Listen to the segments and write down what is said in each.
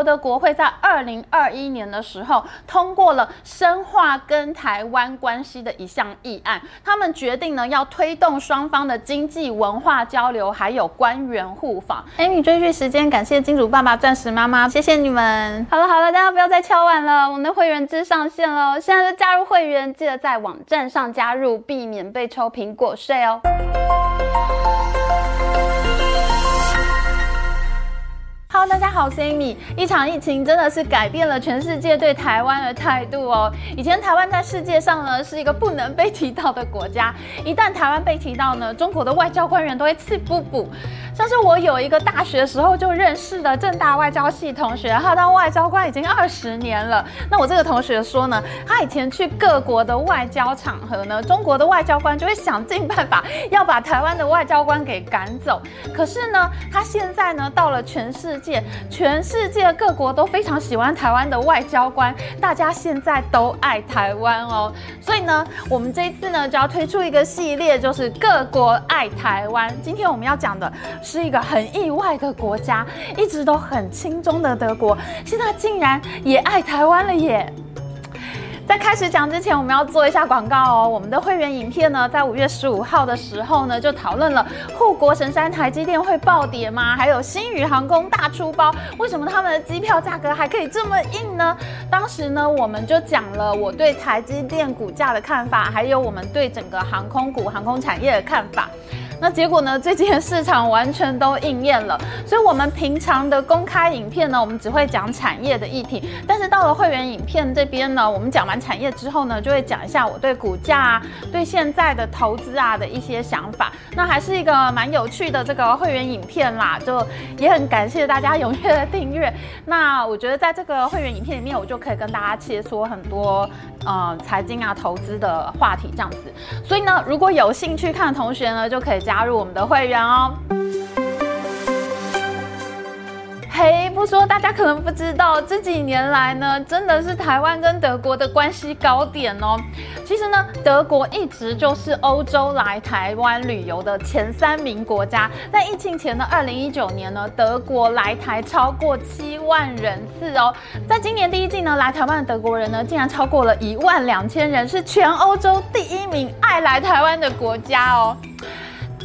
德國國會在二零二一年的時候通過了深化跟台灣關係的一項議案，他們決定呢要推動雙方的經濟文化交流，還有官員互訪。哎、欸，Emmy 追劇時間，感謝金主爸爸、鑽石媽媽，謝謝你們。好了好了，大家不要再敲碗了，我們的會員制上線了，現在就加入會員，記得在網站上加入，避免被抽蘋果稅哦。哈嘍，大家好，我是 Amy。一場疫情真的是改變了全世界對台灣的態度哦。以前台灣在世界上呢是一個不能被提到的國家，一旦台灣被提到呢，中國的外交官員都會氣噗噗。像是我有一個大學時候就認識的政大外交系同學，他當外交官已經二十年了。那我這個同學說呢，他以前去各國的外交場合呢，中國的外交官就會想盡辦法要把台灣的外交官給趕走。可是呢，他現在呢到了全世界。全世界各國都非常喜歡台灣的外交官，大家現在都愛台灣哦。所以呢，我們這一次呢就要推出一個系列，就是各國愛台灣。今天我們要講的是一個很意外的國家，一直都很親中的德國，現在竟然也愛台灣了耶！在開始講之前，我們要做一下廣告哦。我們的會員影片呢，在五月十五號的時候呢，就討論了護國神山台積電會暴跌嗎？還有星宇航空大出包，為什麼他們的機票價格還可以這麼硬呢？當時呢，我們就講了我對台積電股價的看法，還有我們對整個航空股、航空產業的看法。那結果呢？最近的市場完全都應驗了，所以我們平常的公開影片呢，我們只會講產業的議題，但是到了會員影片這邊呢，我們講完產業之後呢，就會講一下我對股價啊，對現在的投資啊的一些想法。那還是一個蠻有趣的這個會員影片啦，就也很感謝大家踴躍的訂閱。那我覺得在這個會員影片裡面，我就可以跟大家切磋很多呃財經啊、投資的話題這樣子。所以呢，如果有興趣看的同學呢，就可以加。加入我們的會員哦！嘿，不說大家可能不知道，這幾年來呢，真的是台灣跟德國的關係高點哦。其實呢，德國一直就是歐洲來台灣旅遊的前三名國家。在疫情前的二零一九年呢，德國來台超過七萬人次哦。在今年第一季呢，來台灣的德國人呢，竟然超過了一萬兩千人，是全歐洲第一名愛來台灣的國家哦。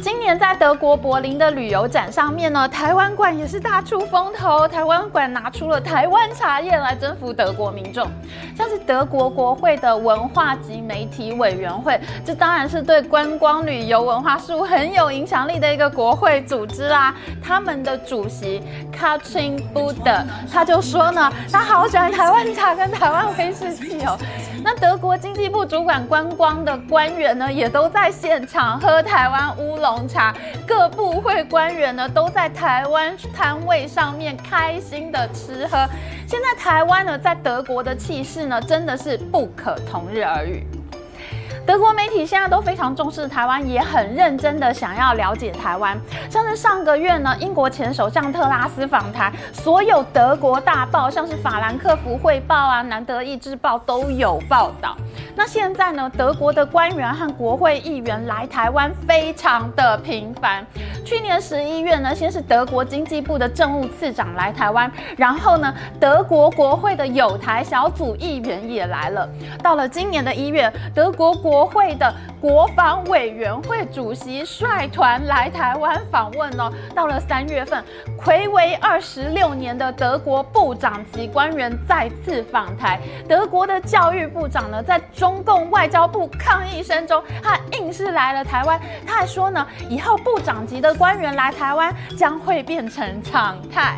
今年在德國柏林的旅遊展上面呢，台灣館也是大出風頭。台灣館拿出了台灣茶葉來征服德國民眾，像是德國國會的文化及媒體委員會，這當然是對觀光旅遊文化事務很有影響力的一個國會組織啦、啊。他們的主席 Katrin Buder 他就說呢，他好喜歡台灣茶跟台灣威士忌哦。那德國經濟部主管觀光的官員呢，也都在現場喝台灣烏龍茶。各部會官員呢，都在台灣攤位上面開心的吃喝。現在台灣呢，在德國的氣勢呢，真的是不可同日而語。德國媒體現在都非常重視台灣，也很認真的想要了解台灣。像是上個月呢，英國前首相特拉斯訪台，所有德國大報，像是《法蘭克福匯報》啊、南德意志報都有報道。那現在呢，德國的官員和國會議員來台灣非常的頻繁。去年十一月呢，先是德國經濟部的政務次長來台灣，然後呢，德國國會的友台小組議員也來了。到了今年的一月，德國國。國會的國防委員會主席率團來台灣訪問哦。到了三月份，暌違二十六年的德國部長級官員再次訪台。德國的教育部長呢，在中共外交部抗議聲中，他硬是來了台灣。他還說呢，以後部長級的官員來台灣將會變成常態。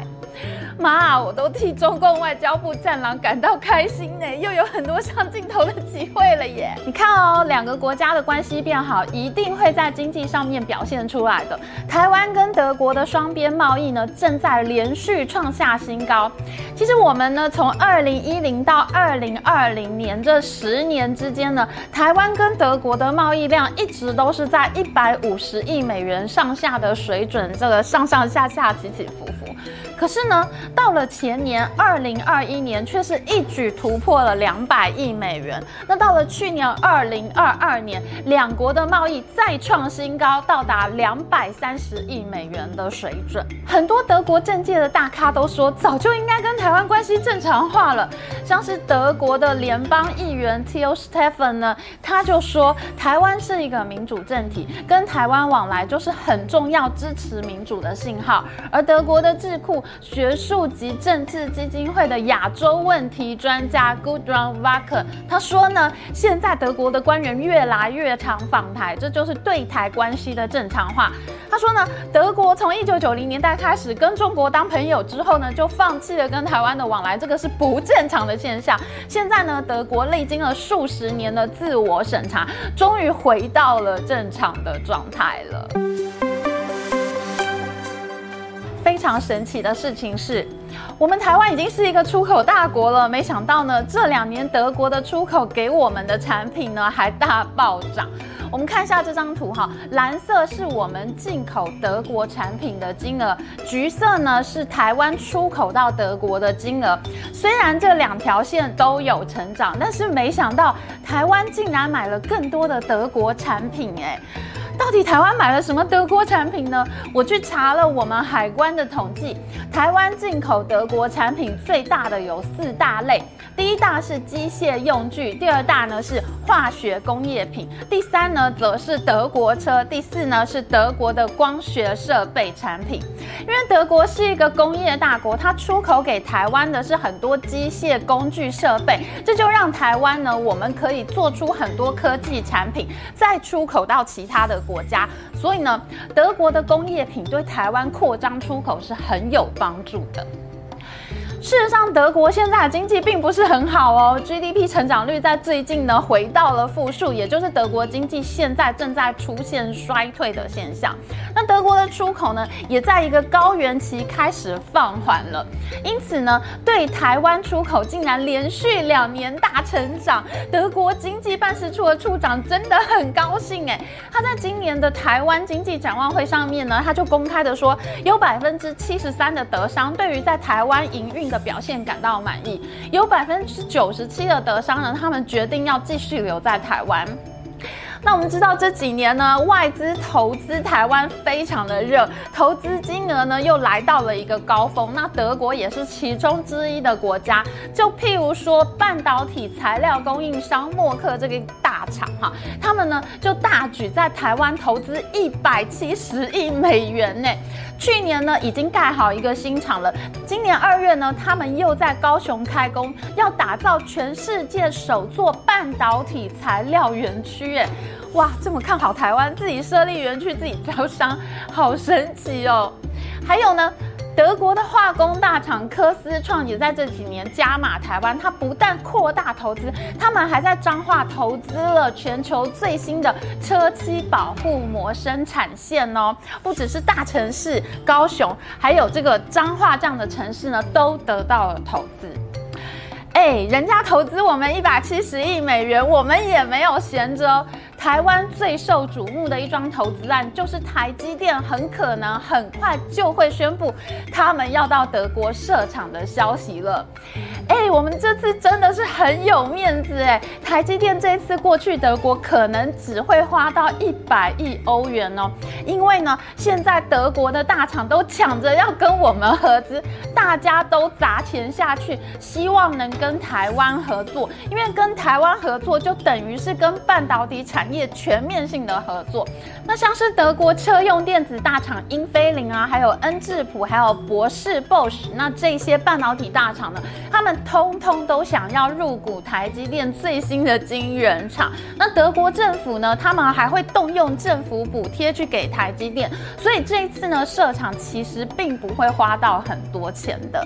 媽啊，我都替中共外交部戰狼感到開心呢，又有很多上鏡頭的機會了耶！你看哦，兩個國家的關係變好，一定會在經濟上面表現出來的。台灣跟德國的雙邊貿易呢，正在連續創下新高。其實我們呢，從二零一零到二零二零年這十年之間呢，台灣跟德國的貿易量一直都是在一百五十億美元上下的水準，這個上上下下起起伏伏。可是呢，到了前年二零二一年，卻是一舉突破了兩百億美元。那到了去年二零二二年，兩國的貿易再創新高，到達兩百三十億美元的水準。很多德國政界的大咖都說，早就應該跟台灣關係正常化了。像是德國的聯邦議員 Theo Steffen 呢，他就說，台灣是一個民主政體，跟台灣往來就是很重要支持民主的信號。而德國的智庫學。駐吉政治基金會的亞洲問題專家 Gudrun Walker 他說呢，現在德國的官員越來越常訪台，這就是對台關係的正常化。他說呢，德國從一九九零年代開始跟中國當朋友之後呢，就放棄了跟台灣的往來，這個是不正常的現象。現在呢，德國歷經了數十年的自我審查，終於回到了正常的狀態了。非常神奇的事情是，我們台灣已經是一個出口大國了。沒想到呢，這兩年德國的出口給我們的產品呢還大暴漲。我們看一下這張圖哈，藍色是我們進口德國產品的金額，橘色呢是台灣出口到德國的金額。雖然這兩條線都有成長，但是沒想到台灣竟然買了更多的德國產品誒。到底台灣買了什麼德國產品呢？我去查了我們海關的統計，台灣進口德國產品最大的有四大類，第一大是機械用具，第二大呢是化學工業品，第三呢則是德國車，第四呢是德國的光學設備產品。因為德國是一個工業大國，它出口給台灣的是很多機械工具設備，這就讓台灣呢，我們可以做出很多科技產品，再出口到其他的。國家，所以呢，德國的工業品對台灣擴張出口是很有幫助的。事實上，德國現在的經濟並不是很好哦，GDP 成長率在最近呢回到了負數，也就是德國經濟現在正在出現衰退的現象。那德國的出口呢，也在一個高原期開始放緩了，因此呢，對台灣出口竟然連續兩年大成長，德國經濟辦事處的處長真的很高興誒，他在今年的台灣經濟展望會上面呢，他就公開的說有73，有百分之七十三的德商對於在台灣營運。的表現感到滿意，有，有百分之九十七的德商人，他們決定要繼續留在台灣。那我們知道這幾年呢，外資投資台灣非常的熱，投資金額呢又來到了一個高峰。那德國也是其中之一的國家，就譬如說半導體材料供應商默克這個大廠哈，他們呢就大舉在台灣投資一百七十億美元呢。去年呢已經蓋好一個新廠了，今年二月呢他們又在高雄開工，要打造全世界首座半導體材料園區哎。哇，這麼看好台灣，自己設立園區，自己招商，好神奇哦！還有呢，德國的化工大廠科思創也在這幾年加碼台灣，它不但擴大投資，他們還在彰化投資了全球最新的車漆保護膜生產線哦。不只是大城市高雄，還有這個彰化這樣的城市呢，都得到了投資。哎，人家投資我們一百七十億美元，我們也沒有閒着。台灣最受矚目的一樁投資案，就是台積電很可能很快就會宣布他們要到德國設廠的消息了。欸，我們這次真的是很有面子欸！台積電這一次過去德國，可能只會花到一百億歐元哦，因為呢，現在德國的大廠都搶着要跟我們合資，大家都砸錢下去，希望能跟台灣合作，因為跟台灣合作就等於是跟半導體產。業全面性的合作，那像是德國車用電子大廠英飛凌啊，還有恩智浦，還有博世、Bosch，那這些半導體大廠呢，他們通通都想要入股台積電最新的晶圓廠。那德國政府呢，他們還會動用政府補貼去給台積電，所以這一次呢，設廠其實並不會花到很多錢的。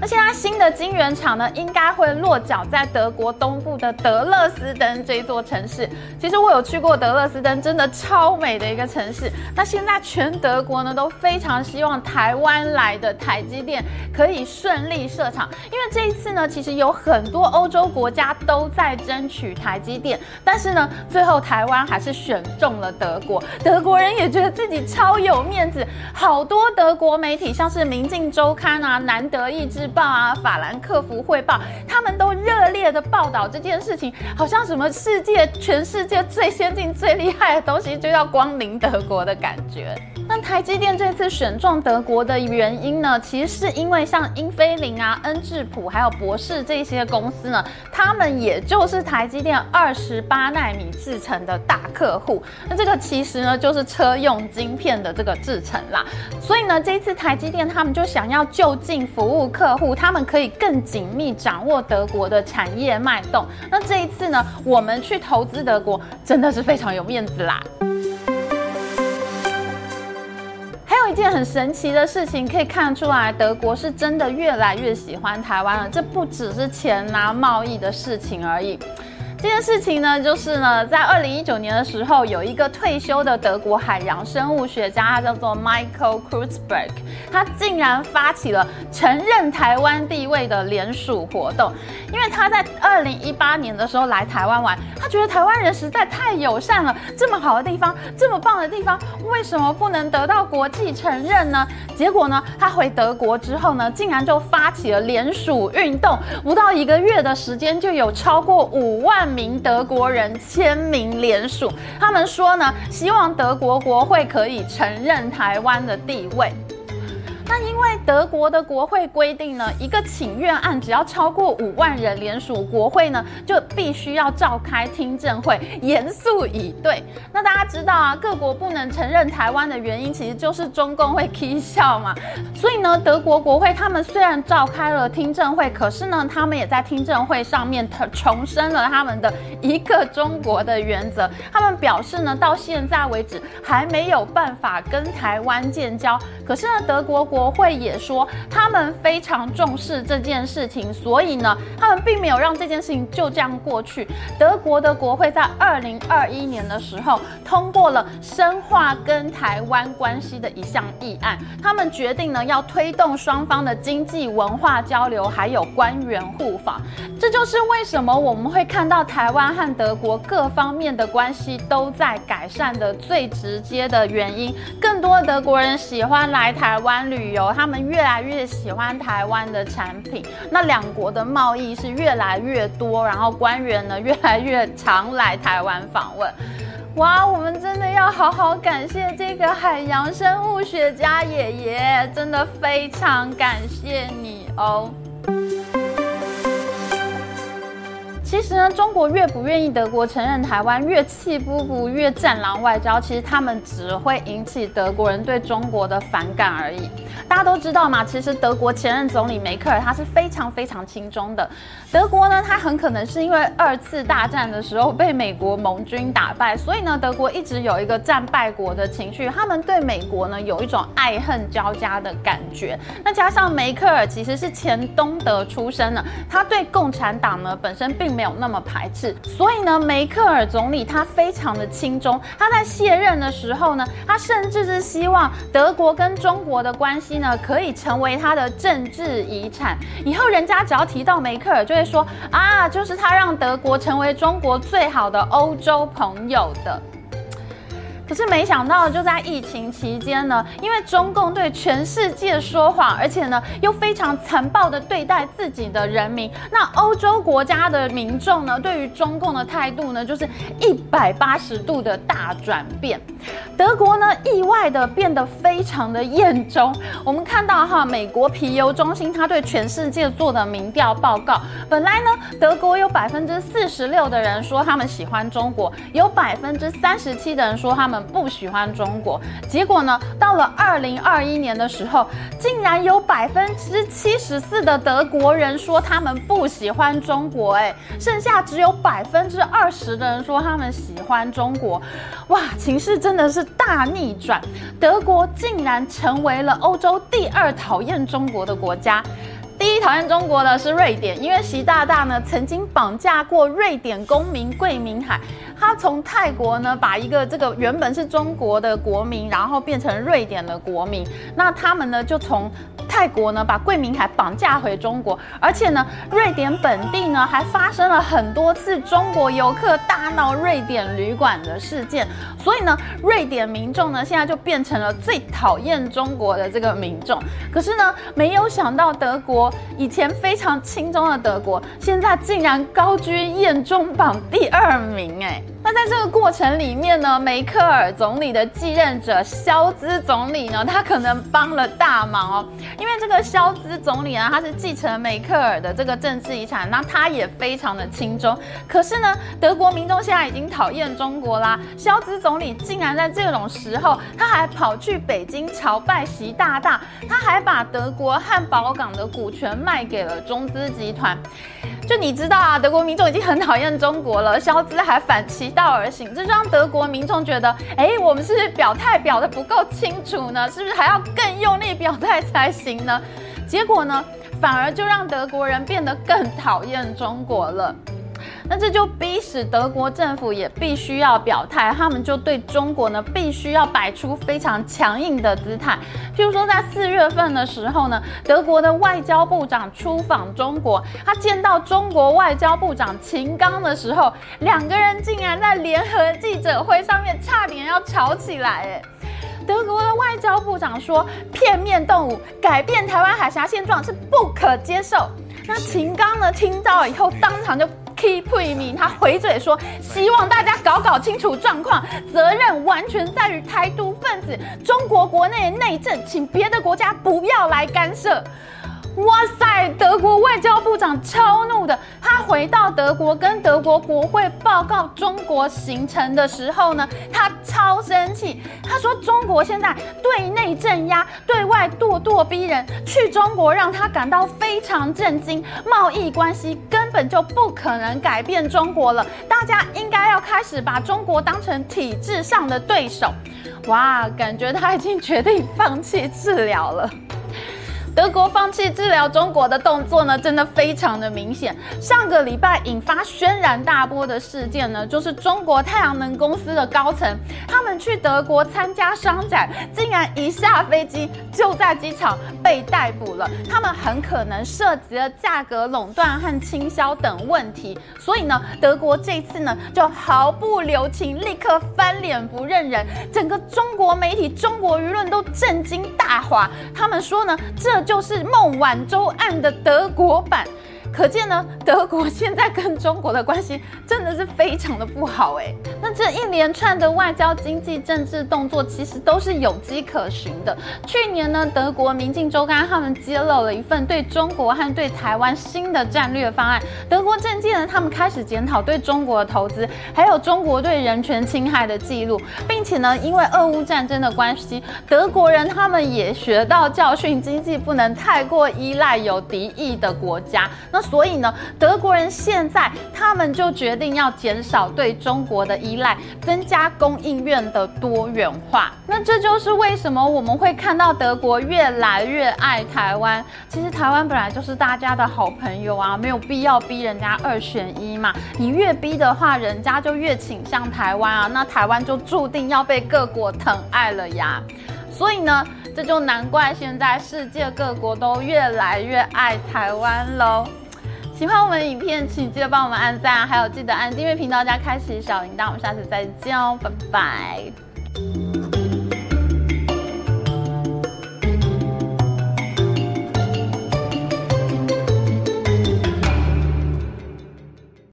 那現在新的晶圓廠呢，應該會落腳在德國東部的德勒斯登這座城市。其實我有去過德勒斯登，真的超美的一個城市。那現在全德國呢，都非常希望台灣來的台積電可以順利設廠，因為這一次呢，其實有很多歐洲國家都在爭取台積電，但是呢，最後台灣還是選中了德國。德國人也覺得自己超有面子，好多德國媒體像是《明鏡週刊》啊、南德意志報啊，法蘭克福匯報，他們都熱烈的報道這件事情，好像什麼世界全世界最先進最厲害的東西就要光臨德國的感覺。那台積電這次選中德國的原因呢，其實是因為像英飛凌啊、恩智浦還有博世這些公司呢，他們也就是台積電二十八奈米製程的大客戶。那這個其實呢，就是車用晶片的這個製程啦。所以呢，這一次台積電他們就想要就近服務客戶。他們可以更緊密掌握德國的產業脈動。那這一次呢，我們去投資德國，真的是非常有面子啦！ 還有一件很神奇的事情，可以看出來，德國是真的越來越喜歡台灣了，這不只是錢啊，貿易的事情而已。這件事情呢，就是呢，在二零一九年的時候，有一個退休的德國海洋生物學家，他叫做 Michael Kreutzberg，他竟然發起了承認台灣地位的聯署活動。因為他在二零一八年的時候來台灣玩，他覺得台灣人實在太友善了，這麼好的地方，這麼棒的地方，為什麼不能得到國際承認呢？結果呢，他回德國之後呢，竟然就發起了聯署運動，不到一個月的時間就有超過五萬。名德國人簽名聯署，他們說呢，希望德國國會可以承認台灣的地位。那因為德國的國會規定呢，一個請願案只要超過五萬人聯署，國會呢就必須要召開聽證會，嚴肅以對。那大家知道啊，各國不能承認台灣的原因，其實就是中共會踢笑嘛。所以呢，德國國會他們雖然召開了聽證會，可是呢，他們也在聽證會上面重申了他們的一個中國的原則。他們表示呢，到現在為止還沒有辦法跟台灣建交。可是呢，德國國會國會也說他們非常重視這件事情，所以呢，他們並沒有讓這件事情就這樣過去。德國的國會在二零二一年的時候通過了深化跟台灣關係的一項議案，他們決定呢要推動雙方的經濟文化交流，還有官員互訪。這就是為什麼我們會看到台灣和德國各方面的關係都在改善的最直接的原因。更多德國人喜歡來台灣旅。旅遊，他們越來越喜歡台灣的產品，那兩國的貿易是越來越多，然後官員呢越來越常來台灣訪問，哇，我們真的要好好感謝這個海洋生物學家爺爺，真的非常感謝你哦。其實呢，中國越不願意德國承認台灣，越氣不不，越戰狼外交，其實他們只會引起德國人對中國的反感而已。大家都知道嘛，其實德國前任總理梅克爾他是非常非常親中的。德國呢，他很可能是因為二次大戰的時候被美國盟軍打敗，所以呢，德國一直有一個戰敗國的情緒，他們對美國呢有一種愛恨交加的感覺。那加上梅克爾其實是前東德出身的，他對共產黨呢本身並。沒有那麼排斥，所以呢，梅克爾總理他非常的親中，他在卸任的時候呢，他甚至是希望德國跟中國的關係呢可以成為他的政治遺產，以後人家只要提到梅克爾，就會說啊，就是他讓德國成為中國最好的歐洲朋友的。可是沒想到，就在疫情期間呢，因為中共對全世界說謊，而且呢又非常殘暴的對待自己的人民，那歐洲國家的民眾呢，對於中共的態度呢，就是一百八十度的大轉變。德國呢，意外的變得非常的厭中。我們看到哈，美國皮尤中心他對全世界做的民調報告，本來呢，德國有百分之四十六的人說他們喜歡中國，有百分之三十七的人說他們，不喜歡中國，結果呢？到了二零二一年的時候，竟然有百分之七十四的德國人說他們不喜歡中國，誒，剩下只有百分之二十的人說他們喜歡中國，哇，情勢真的是大逆轉，德國竟然成為了歐洲第二討厭中國的國家，第一討厭中國的是瑞典，因為習大大呢曾經綁架過瑞典公民桂明海。他從泰國呢把一個這個原本是中國的國民，然後變成瑞典的國民。那他們呢就從泰國呢把桂民海綁架回中國，而且呢瑞典本地呢還發生了很多次中國遊客大鬧瑞典旅館的事件。所以呢瑞典民眾呢現在就變成了最討厭中國的這個民眾。可是呢，沒有想到德國以前非常親中的德國，現在竟然高居厭中榜第二名哎。那在這個過程裡面呢，梅克爾總理的繼任者肖茲總理呢，他可能幫了大忙哦，因為這個肖茲總理啊，他是繼承梅克爾的這個政治遺產，那他也非常的親中。可是呢，德國民眾現在已經討厭中國啦，肖茲總理竟然在這種時候，他還跑去北京朝拜習大大，他還把德國漢堡港的股權賣給了中資集團。就你知道啊，德國民眾已經很討厭中國了，肖茲還反其。道而行，這就讓德國民眾覺得，哎，我們是不是表態表得不夠清楚呢？是不是還要更用力表態才行呢？結果呢，反而就讓德國人變得更討厭中國了。那這就逼使德國政府也必須要表態，他們就對中國呢必須要擺出非常強硬的姿態。譬如說，在四月份的時候呢，德國的外交部長出訪中國，他見到中國外交部長秦剛的時候，兩個人竟然在聯合記者會上面差點要吵起來。誒，德國的外交部長說片面動武改變台灣海峽現狀是不可接受。那秦剛呢聽到了以後，當場就。Keepimi，他回嘴說：“希望大家搞搞清楚狀況，責任完全在於台獨分子。中國國內的內政，請別的國家不要來干涉。”哇塞，德國外交部長超怒的。他回到德國跟德國國會報告中國行程的時候呢，他超生氣。他說：“中國現在對內鎮壓，對外咄咄逼人，去中國讓他感到非常震驚。貿易關係根本就不可能改變中國了，大家應該要開始把中國當成體制上的對手。”哇，感覺他已經決定放棄治療了。德國放棄治療中國的動作呢，真的非常的明顯。上個禮拜引發軒然大波的事件呢，就是中國太陽能公司的高層，他們去德國參加商展，竟然一下飛機就在機場被逮捕了。他們很可能涉及了價格壟斷和傾銷等問題。所以呢，德國這次呢就毫不留情，立刻翻臉不認人。整個中國媒體、中國輿論都震驚大譁。他們說呢，這就是孟晚舟案的德國版，可見呢，德國現在跟中國的關係真的是非常的不好誒。那這一連串的外交、經濟、政治動作其實都是有跡可循的。去年呢，德國明鏡週刊他們揭露了一份對中國和對台灣新的戰略方案。德國政界呢，他們開始檢討對中國的投資，還有中國對人權侵害的記錄，並且呢，因為俄烏戰爭的關係，德國人他們也學到教訓，經濟不能太過依賴有敵意的國家。那所以呢，德國人現在他們就決定要減少對中國的依。增加供應鏈的多元化，那這就是為什麼我們會看到德國越來越愛台灣。其實台灣本來就是大家的好朋友啊，沒有必要逼人家二選一嘛。你越逼的話，人家就越傾向台灣啊，那台灣就注定要被各國疼愛了呀。所以呢，這就難怪現在世界各國都越來越愛台灣嘍。喜歡我們的影片，請記得幫我們按讚，還有記得按訂閱頻道加開啟小鈴鐺，我們下次再見哦、喔，拜拜。